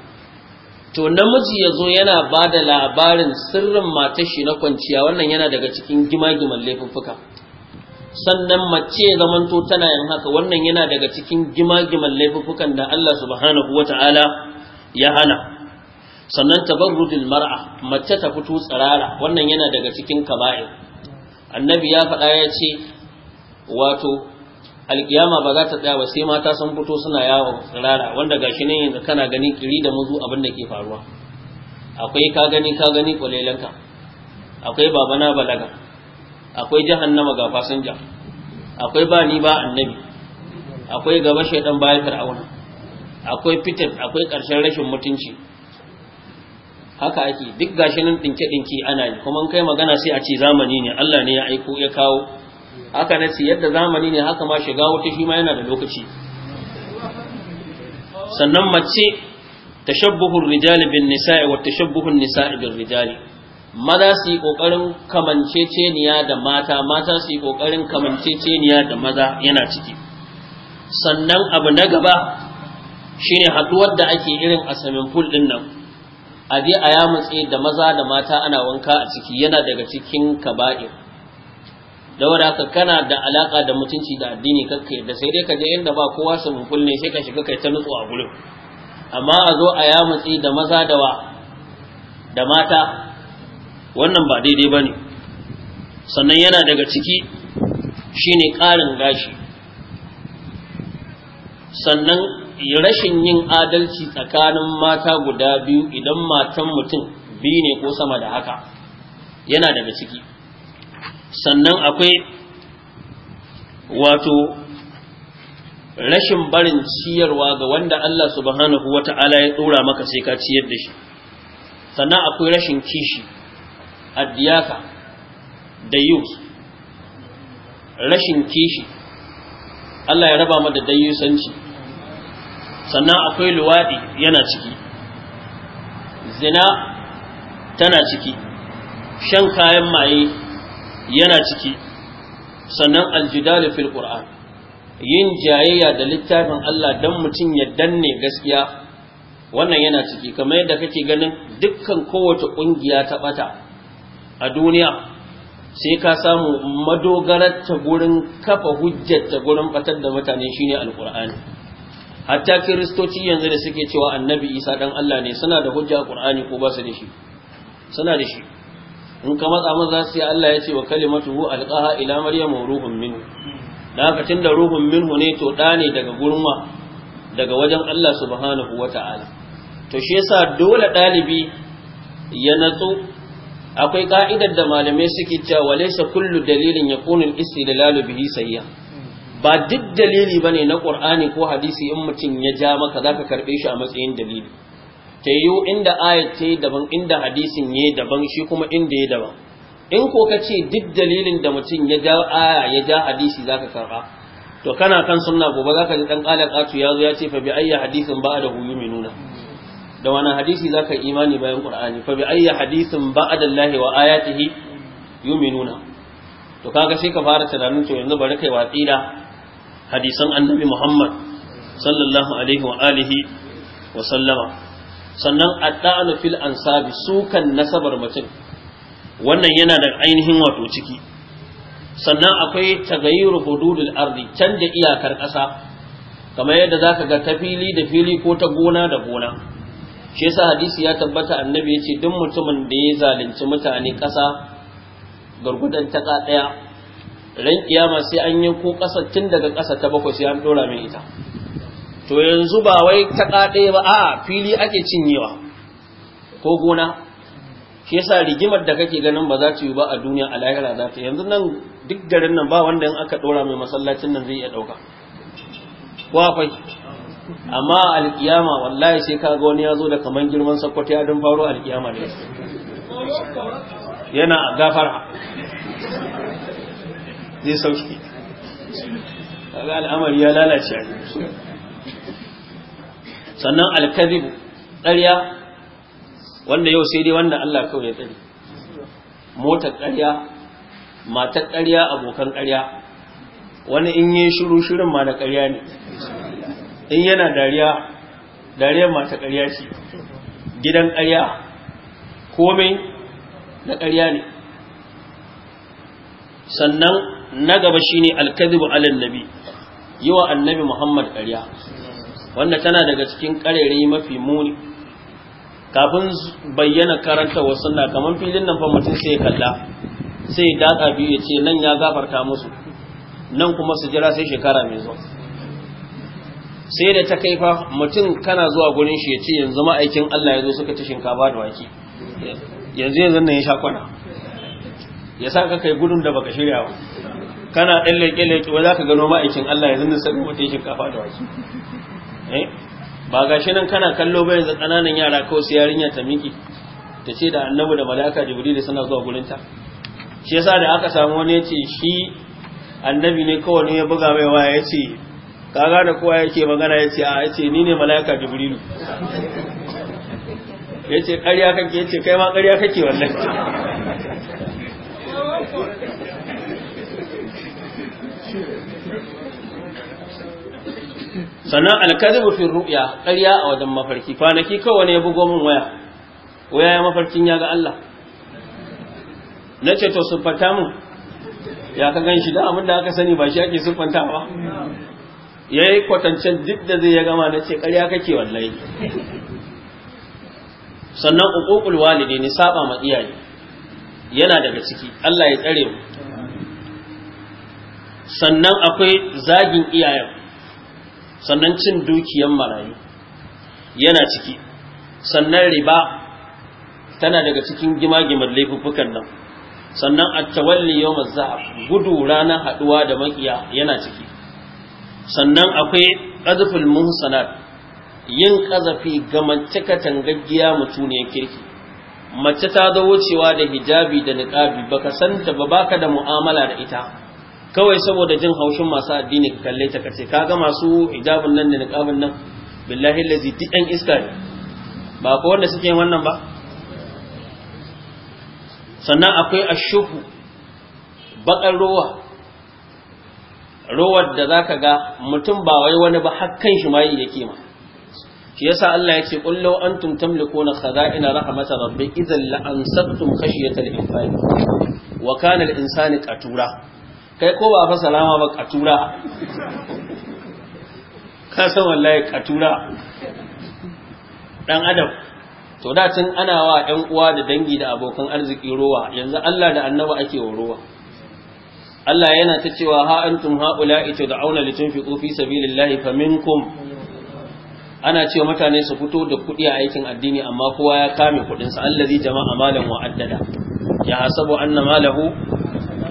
to namiji ya zo yana ba da labarin sirrin matar shi na kwanciya wannan yana daga cikin gima-giman laifuffuka sannan mace zamanto tana yin haka wannan yana daga cikin gima-giman laifuffukan da Allah subhanahu wata'ala ya hana sannan tabarrujul mar'a mace ta fito tsirara wannan yana daga cikin kaba'ir annabi ya faɗa ya ce wato alkiyama ba za ta tsaya ba sai mata sun fito suna yawo tsirara wanda gashi ne yanzu kana gani kiri da muzu abin da ke faruwa akwai ka gani ka gani kwalelanka akwai babana balaga akwai jahannama ga fasinja akwai ba ni ba annabi akwai gaba shaidan bayan fir'auna akwai fitin akwai ƙarshen rashin mutunci haka ake duk gashi nan dinke-dinke ana yi kuma kai magana sai a ce zamani ne Allah ne ya aiko ya kawo haka na ce yadda zamani ne haka ma shiga wata shi ma yana da lokaci sannan mace tashabbuhur rijali bin nisa'i wa tashabbuhun nisa'i bin rijali maza su yi kokarin kamanceceniya da mata mata su yi kokarin kamanceceniya da maza yana ciki sannan abu na gaba shine haduwar da ake irin a samin pool din nan a je a yamutse da maza da mata ana wanka a ciki yana daga cikin kaba'ir da wadaka kana da alaka da mutunci da addini kakka yadda sai dai ka je inda ba kowa su ne sai ka shiga kai ta nutsu a gurin amma a zo a yamutse da maza da wa da mata wannan ba daidai ba ne sannan yana daga ciki shine ƙarin gashi sannan rashin yin adalci tsakanin mata guda biyu idan matan mutum biyu ne ko sama da haka yana daga ciki sannan akwai wato rashin barin ciyarwa ga wanda Allah subhanahu wa ta'ala ya tsora maka sai ka ciyar da shi sannan akwai rashin kishi addiyaka da yus rashin kishi Allah ya raba mu da sannan akwai luwaɗi yana ciki zina tana ciki shan kayan maye yana ciki sannan aljidalu fil qur'an yin jayayya da littafin Allah dan mutum ya danne gaskiya wannan yana ciki kamar yadda kake ganin dukkan kowace ƙungiya ta bata a duniya sai ka samu madogarar ta gurin kafa hujjar ta gurin batar da mutane shine alqur'ani hatta kiristoci yanzu da suke cewa annabi isa dan Allah ne suna da hujja qur'ani ko ba su da shi suna da shi in ka matsa man za su yi Allah ya ce wa kalimatuhu alqaha ila maryam wa ruhun minhu da haka da ruhun minhu ne to da ne daga gurma daga wajen Allah subhanahu wata'ala to shi yasa dole dalibi ya natsu akwai ka'idar da malamai suke cewa walaysa kullu dalilin yakunu al-istidlalu bihi sayyan ba duk dalili bane na qur'ani ko hadisi in mutum ya ja maka zaka karbe shi a matsayin dalili ta yiwu inda ayat yi daban inda hadisin ya daban shi kuma inda ya daban in ko ka ce duk dalilin da mutum ya ja aya ya ja hadisi zaka karba to kana kan sunna gobe zaka ji dan qalan qatu ya zo ya ce fa bi ayya hadisin da huyu nuna? da wani hadisi zaka imani bayan qur'ani fa bi ayya hadisin da lahi wa ayatihi yuminuna to kaga sai ka fara tunanin to yanzu bari kai watsi da hadisan annabi Muhammad sallallahu alaihi wa alihi wa sallama sannan adda'anu fil ansabi sukan nasabar mutum wannan yana da ainihin wato ciki sannan akwai tagayyuru hududul ardi canza iyakar ƙasa kamar yadda zaka ga ta fili da fili ko ta gona da gona shi yasa hadisi ya tabbata annabi ya ce duk mutumin da ya zalunci mutane ƙasa gargudan ta ɗaya ran kiyama sai an yi ko ƙasa tun daga ƙasa ta bakwai sai an ɗora min ita to yanzu ba wai ta ƙaɗe ba a fili ake cinyewa ko gona shi yasa rigimar da kake ganin ba za ta yi ba a duniya a lahira za ta yanzu nan duk garin nan ba wanda in aka ɗora mai masallacin nan zai iya ɗauka ko akwai amma alkiyama wallahi sai ka ga wani ya zo da kaman girman sakwati ya don faro alkiyama ne yana gafara zai sauki daga al'amari ya lalace a sannan alkazib ƙarya wanda yau sai dai wanda Allah kawai ya tsari motar ƙarya matar ƙarya abokan ƙarya wani in yi shiru shirin ma na ƙarya ne in yana dariya dariyar mata ƙarya ce gidan ƙarya komai na ƙarya ne sannan na gaba shine alkadhibu alan nabi yiwa annabi Muhammad ƙarya wanda tana daga cikin ƙarere mafi muni kafin bayyana karanta wa sunna kaman filin nan fa mutum sai ya kalla sai ya daka biyu ya ce nan ya gafarta musu nan kuma su jira sai shekara mai zuwa sai da ta kai fa mutum kana zuwa gurin shi ya ce yanzu ma'aikin Allah ya zo suka ci shinkafa da wake yanzu yanzu nan ya sha kwana ya sa ka kai gudun da baka shirya ba kana ɗan leƙe-leƙe wa za ka gano ma'aikin Allah yanzu da sanin mutum kafa da wake eh? ba ga shi nan kana kallo bayan yanzu ƙananan yara kawai su yarinya ta miki ta ce da annabu da malaka jibril suna zuwa gurinta shi yasa da aka samu wani ya ce shi annabi ne kowane ya buga mai waya ya ce ka gane kowa yake magana ya ce a ya ce ni ne malaka jibrilu ya ce ƙarya kake ya ce kai ma ƙarya kake wannan sannan alkadibu fi ru'ya ƙarya a wajen mafarki kwanaki kawai ne ya bugo min waya waya ya mafarkin ya ga Allah na ce to siffanta mu ya ka gan shi da abin da aka sani ba shi ake siffanta ba ya yi kwatancen duk da zai ya gama na ce ƙarya kake wallahi sannan uququl walidi ni saba ma iyaye yana daga ciki Allah ya tsare mu sannan akwai zagin iyayen sannan cin dukiyan marayu yana ciki sannan riba tana daga cikin gima-giman laifuffukan nan sannan a tawalli yau gudu ranar haɗuwa da makiya yana ciki sannan akwai ƙazafin muhsanat yin ƙazafi ga mace katangaggiya mutuniyar kirki mace ta zo wucewa da hijabi da niƙabi baka santa ba baka da mu'amala da ita kawai saboda jin haushin masu addini ka kalle ta kace kaga masu hijabin nan da niqabin nan billahi allazi duk dan iska ne ba ko wanda suke wannan ba sannan akwai ashuhu bakar ruwa ruwa da zaka ga mutum ba wai wani ba hakkan shi ma yake ma shi yasa Allah ya ce qul law antum tamlikuna khaza'ina rahmat rabbi idhan la ansabtum khashyata al-infaq wa kana al-insanu qatura kai ko ba fa salama ba katura ka san wallahi katura dan adam to da tun ana wa ɗan uwa da dangi da abokan arziki rowa yanzu Allah da annaba ake wa rowa Allah yana ta cewa ha antum auna li tunfiqu fi sabilillahi faminkum ana cewa mutane su fito da kuɗi a aikin addini amma kowa ya kame kuɗin sa allazi jama'a malan wa addada ya hasabu anna malahu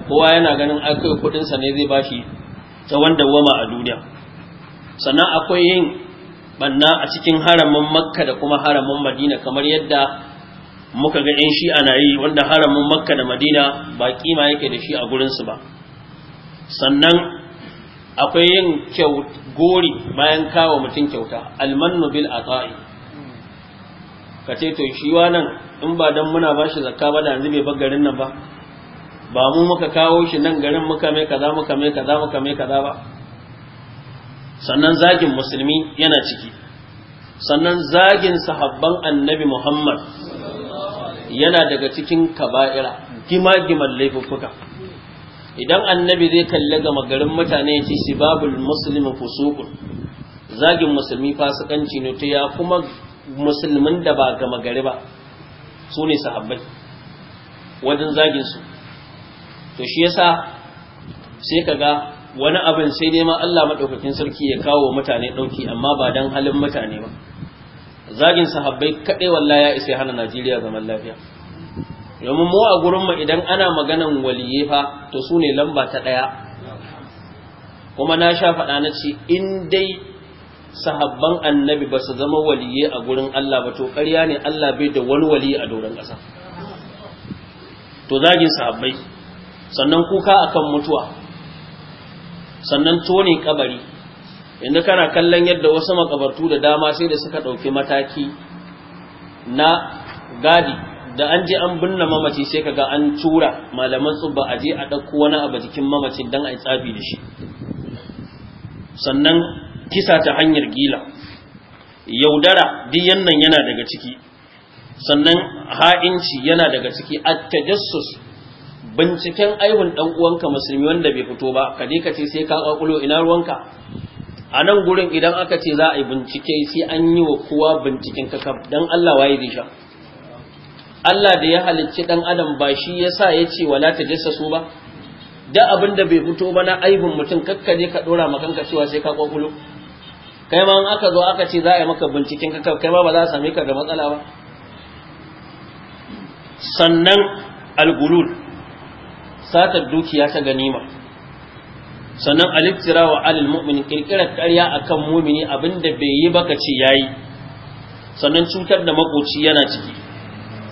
kowa yana ganin aka kudin sa ne zai bashi ta wanda Wama a duniya sannan akwai yin banna a cikin haramin makka da kuma haramin madina kamar yadda muka ga yan shi ana yi wanda haramin makka da madina ba kima yake da shi a gurinsu ba sannan akwai yin gori bayan kawo mutum kyauta almannu bil ata'i ka ce to shi wa nan in ba dan muna bashi zakka ba da yanzu bai bar garin nan ba ba mu muka kawo shi nan garin muka mai kaza muka mai kaza muka mai kaza ba sannan zagin musulmi yana ciki sannan zagin sahabban annabi muhammad yana daga cikin kaba'ira gima-giman laifuffuka idan annabi zai kalli gama garin mutane ya ci sibabul muslimin fusukun zagin musulmi fasikanci ne ta ya kuma musulmin da ba gama gari ba su ne sahabbai wajen su. to shi yasa sai kaga wani abin sai dai ma Allah madaukakin sarki ya kawo mutane dauki amma ba dan halin mutane ba zagin sahabbai kadai wallahi ya isa hana Najeriya zaman lafiya domin mu a gurin mu idan ana maganan waliye fa to sune lamba ta daya kuma na sha faɗa na ce in dai sahabban annabi ba su zama waliye a gurin Allah ba to ƙarya ne Allah bai da wani wali a doron ƙasa to zagin sahabbai sannan kuka akan mutuwa sannan tone kabari inda kana kallon yadda wasu makabartu da dama sai da suka ɗauki mataki na gadi da an je an binne mamaci sai kaga an tura malaman tsubba a je a ɗauko wani abu jikin mamaci don a yi tsafi da shi sannan kisa ta hanyar gila yaudara duk yannan yana daga ciki sannan ha'inci yana daga ciki at tajassus binciken aibun dan uwanka musulmi wanda bai fito ba ka je ka ce sai ka kwakulo ina ruwanka a nan gurin idan aka ce za a yi bincike sai an yi wa kowa binciken ka dan Allah waye zai sha Allah da ya halicci dan adam ba shi yasa ya ce wala ta su ba da abin bai fito ba na aibun mutum kakka je ka dora ma kanka cewa sai ka kwakulo kai ma in aka zo aka ce za a yi maka binciken ka kai ma ba za a same ka da matsala ba sannan al-gulul satar dukiya ta ganima sannan aliktira wa alil mu'min kirkirar ƙarya akan mumini abinda bai yi baka ce yayi sannan cutar da makoci yana ciki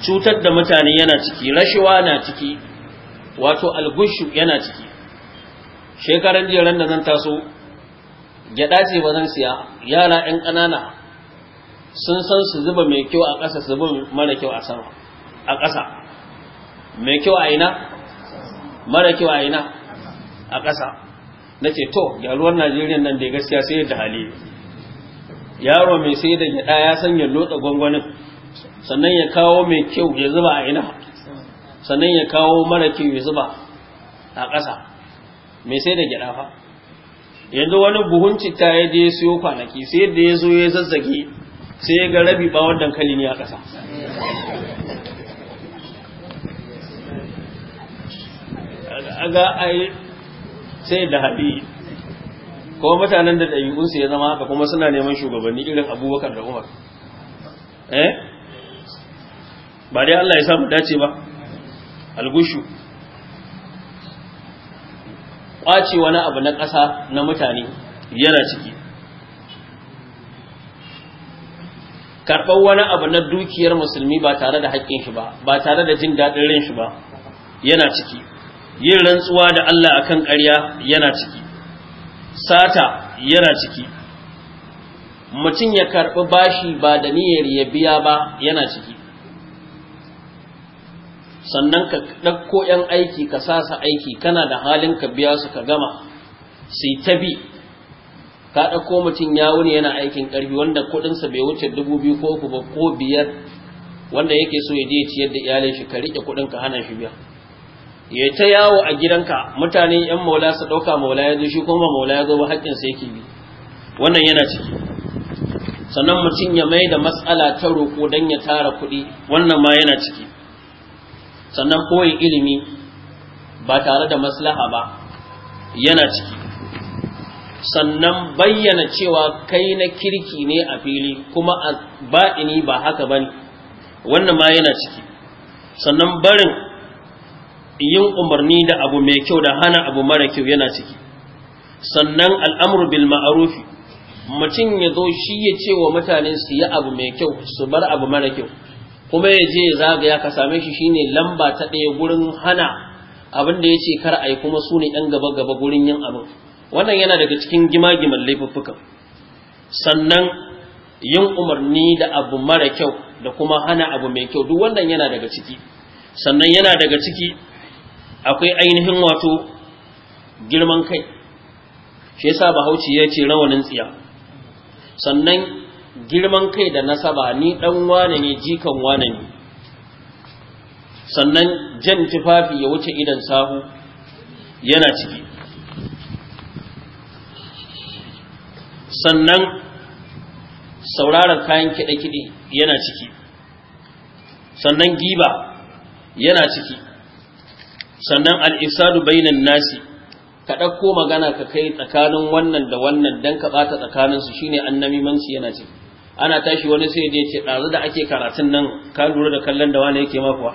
cutar da mutane yana ciki rashawa na ciki wato algushu yana ciki shekaran jiya da zan taso gyada ce ba zan siya yara yan ƙanana sun san su zuba mai kyau a ƙasa su zuba mara kyau a sama a ƙasa mai kyau a ina mara kyau a ina a ƙasa na ce to yaruwar najeriya nan da gaskiya sai da hali yaro mai sai da gida ya sanya lotsa gwangwanin sannan ya kawo mai kyau ya zuba a ina sannan ya kawo mara kyau ya zuba a ƙasa mai sai da gida fa yanzu wani buhun citta ya je siyo kwanaki sai da ya zo ya zazzage sai ya ga rabi bawon ne a ƙasa aga ai sai da haɗi kuma mutanen da ɗabi'unsu ya zama haka kuma suna neman shugabanni irin abubakar da umar eh ba dai Allah ya samu dace ba algushu ƙwace wani abu na ƙasa na mutane yana ciki karɓar wani abu na dukiyar musulmi ba tare da haƙƙin shi ba ba tare da jin daɗin rin shi ba yana ciki yin rantsuwa da Allah a kan ƙarya yana ciki sata yana ciki mutum ya karɓi bashi ba da niyyar ya biya ba yana ciki sannan ka ɗakko ‘yan aiki ka sasa aiki kana da halin ka biya su ka gama sai ta bi ka ɗauko mutum ya wuni yana aikin ƙarfi wanda kuɗinsa bai wuce dubu biyu ko ko biyar wanda yake so ya je ciyar da iyalin shi ka riƙe kuɗin ka hana shi biya ya ta yawo a gidanka mutane yan maula su ɗauka maula ya zo shi kuma maula ya zo ba haƙƙin sai ke bi wannan yana ciki sannan mutum ya mai da matsala ta roƙo don ya tara kuɗi wannan ma yana ciki sannan koyin ilimi ba tare da maslaha ba yana ciki sannan bayyana cewa kai na kirki ne a fili kuma a ba'ini ba haka ba ne wannan ma yana ciki sannan barin yin umarni da abu mai kyau da hana abu mara kyau yana ciki sannan al’amuru bil ma'arufi mutum ya zo shi ya ce wa mutane su yi abu mai kyau su bar abu mara kyau kuma ya je zagaya ka same shi shine lamba ta ɗaya gurin hana abin da ya ce kar a yi kuma su ne ɗan gaba gaba gurin yin abu wannan yana daga cikin gima-giman sannan yin umarni da abu mara kyau da kuma hana abu mai kyau duk wannan yana daga ciki sannan yana daga ciki akwai ainihin wato girman kai shi yasa bahauci ya ce rawanin tsiya sannan girman kai da nasaba ni dan wane ne jikan wane ne sannan jan tufafi ya wuce idan sahu yana ciki sannan sauraron kayan kiɗe-kiɗe yana ciki sannan giba yana ciki sannan al bainan nasi ka ɗauko magana ka kai tsakanin wannan da wannan don ka bata tsakanin su shine annamimanci yana ce. ana tashi wani sai da yace ɗazu da ake karatun nan ka lura da kallon da wani yake makuwa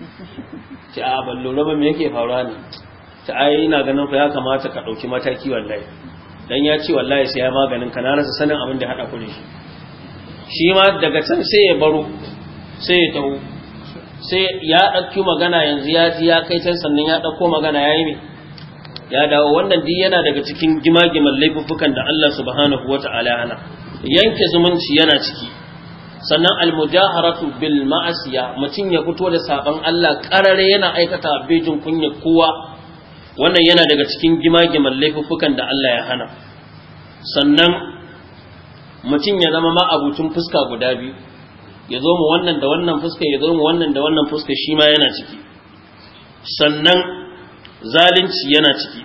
ce a ban lura ba me yake faruwa ne ta ai ina ganin ku ya kamata ka ɗauki mataki wallahi dan ya ce wallahi sai ya maganin ka na rasa sanin abin da haɗa ku da shi shi ma daga can sai ya baro sai ya taho sai ya ɗauki magana yanzu ya ji ya kai can sannan ya ɗauko magana ya yi mai ya dawo wannan duk yana daga cikin gimagiman laifuffukan da Allah subhanahu wa ta'ala hana yanke zumunci yana ciki sannan al almujaharatu bil ma'asiya mutum ya fito da saban Allah karare yana aikata bejin kunya kowa wannan yana daga cikin gimagiman laifuffukan da Allah ya hana sannan mutum ya zama ma fuska guda biyu ya zo mu wannan da wannan fuska ya zo mu wannan da wannan fuska shi ma yana ciki sannan zalunci yana ciki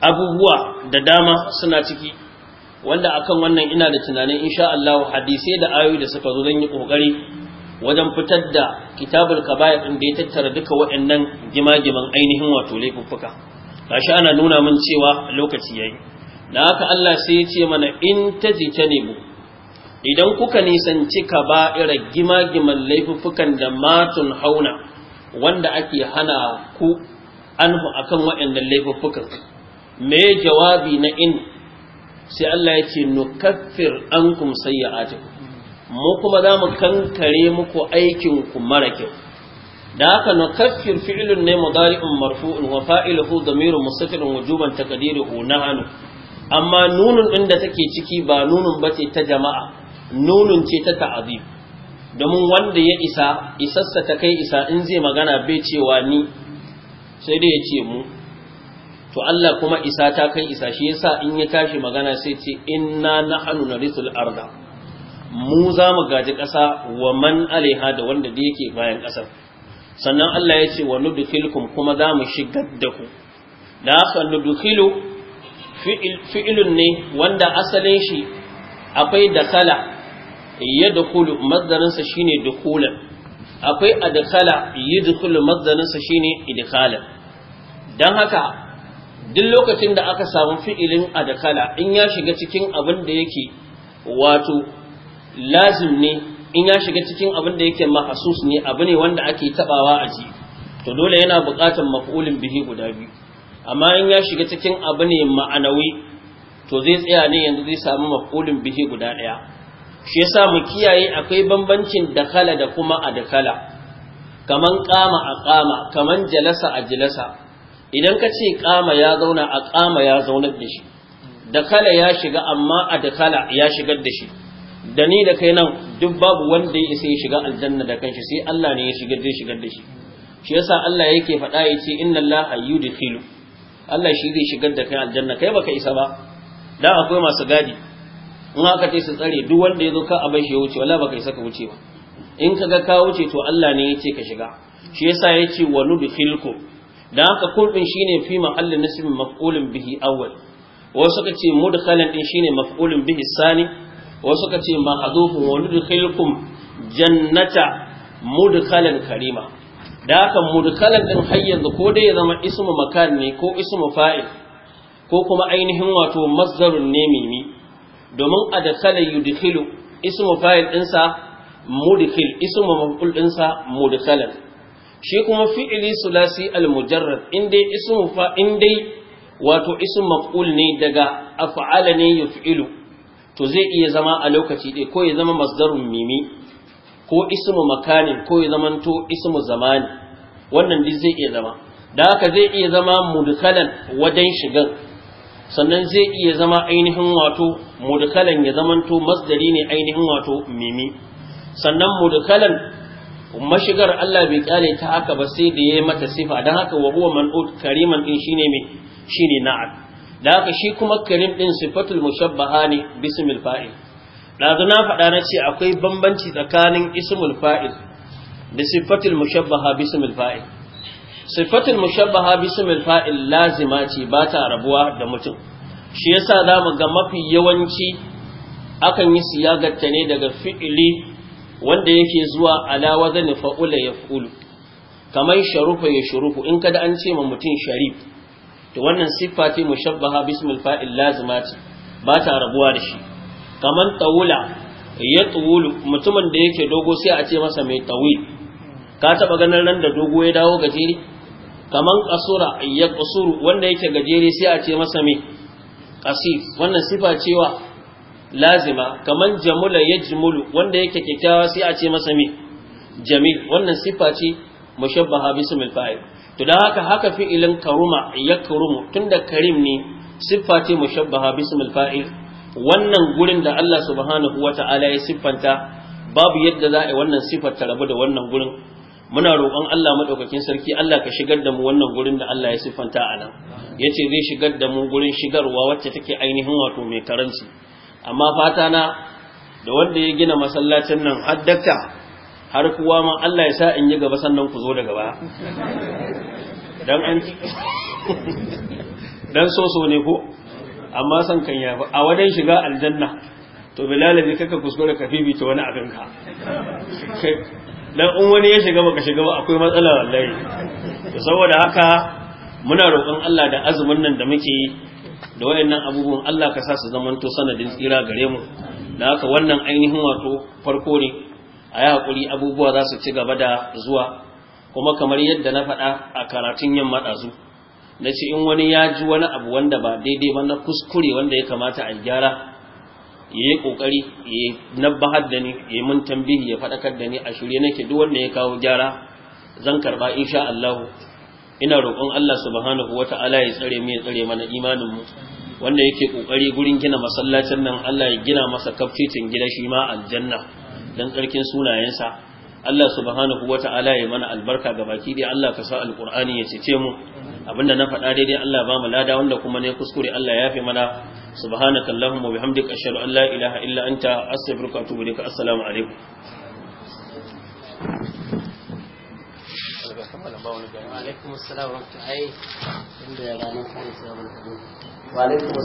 abubuwa da dama suna ciki wanda akan wannan ina da tunanin insha Allah hadisai da ayoyi da suka zo zan yi kokari wajen fitar da kitabul kaba'ir din da ya tattara duka waɗannan gimagiman ainihin wato laifuffuka gashi ana nuna min cewa lokaci yayi da haka Allah sai ya ce mana in tajitanibu idan kuka nisanci kaba'ira gima-giman laifuffukan da matun hauna wanda ake hana ku anhu kan waɗannan laifuffukan me jawabi na in sai Allah ya ce nukaffir ya sayyi'atikum mu kuma za mu kankare muku aikin ku mara kyau da haka nukaffir fi'ilun ne mudari'un marfu'un wa fa'iluhu dhamirun mustaqilun wujuban taqdiruhu nahanu amma nunun din da take ciki ba nunun bace ta jama'a nunun ce ta ta'azim domin wanda ya isa isassa ta kai isa in zai magana bai cewa ni sai dai ya ce mu to Allah kuma isa ta kai isa shi yasa in ya tashi magana sai ce inna nahnu narithul arda mu za mu gaji ƙasa wa man alaiha da wanda da yake bayan ƙasar sannan Allah ya ce wa nudkhilkum kuma za mu shigar da ku da san nudkhilu fi'ilun ne wanda asalin shi akwai da dakala yadkhulu masdarin sa shine dukhulan akwai adkhala yadkhulu mazdaninsa sa shine idkhalan dan haka duk lokacin da aka samu fi'ilin adkhala in ya shiga cikin abin da yake wato lazim ne in ya shiga cikin abin da yake mahsus ne abu ne wanda ake tabawa a ji to dole yana buƙatar maf'ulin bihi guda biyu amma in ya shiga cikin abu ne ma'anawi to zai tsaya ne yanzu zai samu maf'ulin bihi guda ɗaya shi yasa mu kiyaye akwai bambancin dakala da kuma adakala, kaman qama a qama kaman jalasa a jalasa idan ka ce qama ya zauna a qama ya zauna da shi dakala ya shiga amma adakala ya shigar da shi da ni da kai nan duk babu wanda ya isa ya shiga aljanna da kanshi sai Allah ne ya shigar da shigar da shi shi yasa Allah yake faɗa yace inna Allah yudkhilu Allah shi zai shigar da kai aljanna kai baka isa ba dan akwai masu gadi in aka ce su tsare duk wanda ya zo ka a shi ya wuce wallahi baka isa ka wuce ba in ka ga ka wuce to Allah ne yace ka shiga shi yasa yace wa nudkhilku dan haka kun shine fi mahallin nasibin maf'ulun bihi awwal wasu suka ce mudkhalan din shine maf'ulun bihi sani wasu suka ce mahdhufun wa nudkhilkum jannata mudkhalan karima da haka mudkhalan din har yanzu ko dai ya zama ismu makan ne ko ismu fa'il ko kuma ainihin wato masdarun ne domin a adkhala yudkhilu ismu fa'il dinsa mudkhil ismu maf'ul da kala, shi kuma fi'ili sulasi al-mujarrad indai ismu fa indai wato ismu maf'ul ne daga af'ala ne yuf'ilu to zai iya zama a lokaci ɗaya ko ya zama masdarun mimi ko ismu makanin ko ya zama to ismu zamani wannan duk zai iya zama da haka zai iya zama mudkhalan wajen shigan sannan zai iya zama ainihin wato mudkalan ya zamanto masdari ne ainihin wato mimi sannan mudkalan mashigar Allah bai kyale ta haka ba sai da yayi mata sifa dan haka wa huwa man'ut kariman din shine me shine na'at da haka shi kuma karim din sifatul mushabbaha ne bismil fa'il dazu na faɗa na ce akwai bambanci tsakanin ismul fa'il da sifatul mushabbaha bismil fa'il sifatul mushabbaha bismil fa'il lazima ce ba ta rabuwa da mutum shi yasa zamu ga mafi yawanci akan yi siyagarta ne daga fi'ili wanda yake zuwa ala wazani fa'ula yaf'ulu kamar sharufa ya shurufu in kada an ce ma mutum sharif to wannan siffa ce mushabbaha bismil fa'il lazima ba ta rabuwa da shi kamar tawula ya tawulu mutumin da yake dogo sai a ce masa mai tawil ka taɓa ganin ran da dogo ya dawo gajeri kaman kasura ya kusuru wanda yake gajere sai a ce masa me kasif wannan sifa cewa lazima kaman jamula ya jimulu wanda yake kyakkyawa sai a ce masa me jamil wannan sifa ce mushabbaha bismil fa'il to dan haka haka fi'ilin karuma ya karumu tunda karim ne sifa ce mushabbaha bismil fa'il wannan gurin da Allah subhanahu wata'ala ya siffanta babu yadda za a yi wannan siffar ta rabu da wannan gurin muna roƙon Allah maɗaukakin sarki Allah ka shigar da mu wannan gurin da Allah ya siffanta a nan ya ce zai shigar da mu gurin shigarwa wacce take ainihin wato mai karanci amma fata na da wanda ya gina masallacin nan haddaka har kuwa ma Allah ya sa in yi gaba sannan ku zo daga ba dan an dan soso ne ko amma san kan yafi a wajen shiga aljanna to bilalabi kaka kuskure ka fifita wani abin ka dan in wani ya shiga baka shiga ba akwai matsala wallahi saboda haka muna roƙon Allah da azumin nan da muke da wayannan abubuwan Allah ka sa su zamanto sanadin tsira gare mu da haka wannan ainihin wato farko ne a yi hakuri abubuwa za su ci gaba da zuwa kuma kamar yadda na faɗa a karatun yamma ɗazu na ce in wani ya ji wani abu wanda ba daidai ba na kuskure wanda ya kamata a gyara ya yi ƙoƙari ya nabbahar da ni ya mun tambihi ya faɗakar da ni a shirye nake duk wanda ya kawo gyara zan karba insha Allah ina roƙon Allah subhanahu wata'ala ya tsare mu ya tsare mana imanin mu wanda yake kokari gurin gina masallacin nan Allah ya gina masa kafficin gida shi ma aljanna dan tsarkin sunayensa Allah subhanahu wata'ala ya mana albarka ga baki dai Allah ka sa alqur'ani ya cece mu abinda na faɗa daidai Allah ba mu lada wanda kuma ne kuskure Allah ya fi mana subhanaka allahumma bihamdika ashhadu an la ilaha illa anta astaghfiruka wa atubu ilaik assalamu alaikum wa alaikum assalam wa rahmatullahi wa barakatuh